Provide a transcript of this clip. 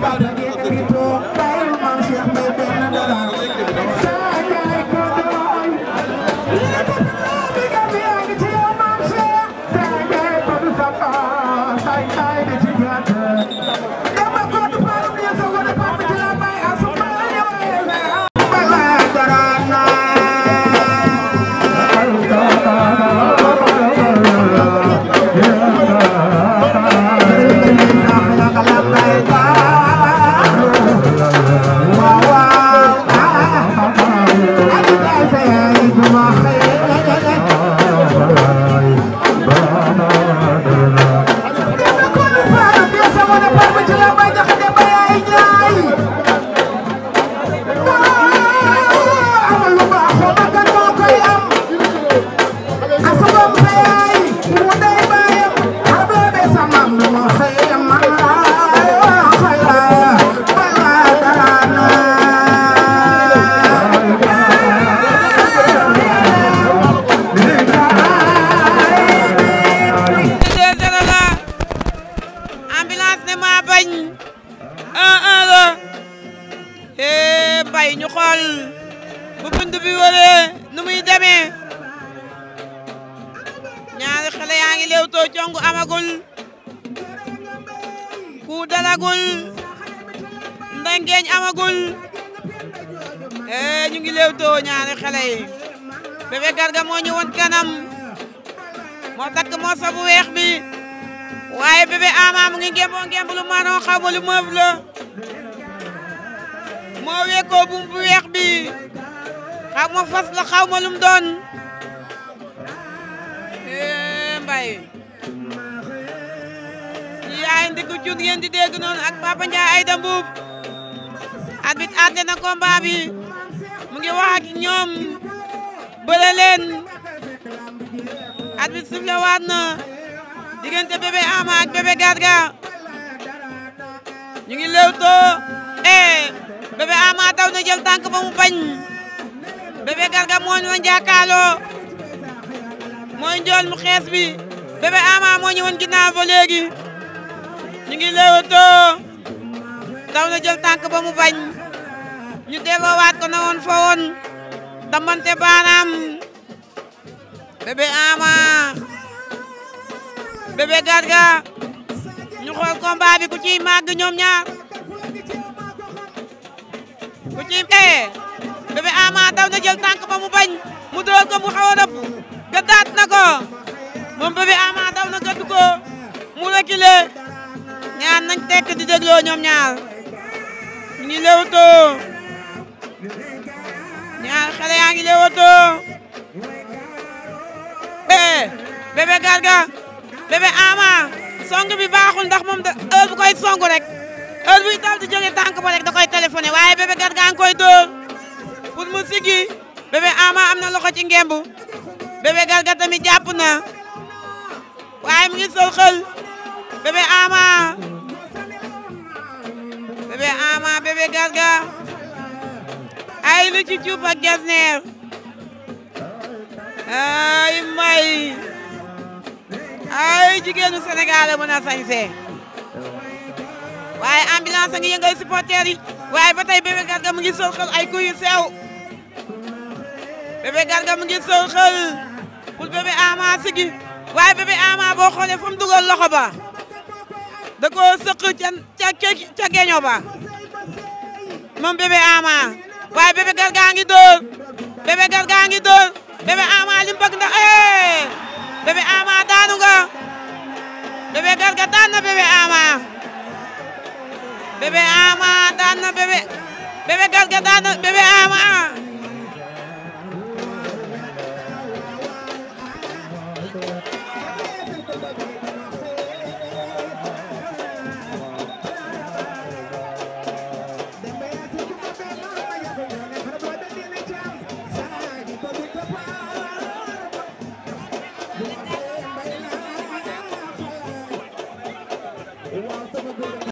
combat bay jaxate bunt ñaari xale yaa ngi léewtoo congu amagul ku dalagul ndengeeñ amagul ee ñu ngi léewtoo ñaari xale yi bébé garga moo ñu kanam moo takk moo sabu bi waaye bébé ama mu ngi ngemboo ngemb lu lu moof la moo wekkoo buum bi xaw ma fas la xaw ma lum doon eh, mbay yaay ndigu cun ngeen di dégg noonu ak Papa Ndiaye Aïda Mboup arbitre àtte na combat bi mu ngi wax ak ñoom bëre leen arbitre sifflé waat na diggante bébé Ama ak bébé Garga ñu ngi lewtoo eh bébé Ama daw na jël tànk ba mu bañ bébé garga moo ñu woon jàkkaarloo mooy njool mu xees bi bébé ama moo ñu woon ginnaaw ba léegi ñu ngi léewatoo daw na jël tànk ba mu bañ ñu delloowaat ko na woon fa woon damante baanaam bébé ama bébé garga ñu xool combat bi ku ciy màgg ñoom ku ciy ee daw na jël tànk ba mu bañ mu dóor ko mu xaw a rëbb gëddaat na ko moom bébé ama daw na gëdd ko mu reculé ñaar nañ tekk di dégloo ñoom ñaar ñu ngi léewatoo ñaar xale yaa ngi léewatoo bee bébé garga bébé ama song bi baaxul ndax moom da heure bu koy song rek heure bu dal di jóge tànk ba rek da koy téléphoné waaye bébé garga nga koy dóor Bul mu sigi bébé Ama am na loxo ci ngemb bébé Garga tamit jàpp na waaye mu ngi sol xel bébé Ama bébé Ama bébé Garga ay lu ci cuub ak jasneer ay may ay jigéenu Sénégal mën a sañse waaye ambulance ngi yëngal supporter yi waaye ba tey bébé Garga mu ngi sol ay kuy sew bébé garga mu ngi sooxal pour bébé ama sigi waaye bébé ama boo xoolee fu mu loxo ba da sëq ca ca ba moom bébé ama waaye bébé garga ngi dóor bébé garga ngi ama li mu bëgg eh! ama daanu nga bébé garga daan na bébé ama bébé ama daan na bébé bébé garga daan na bébé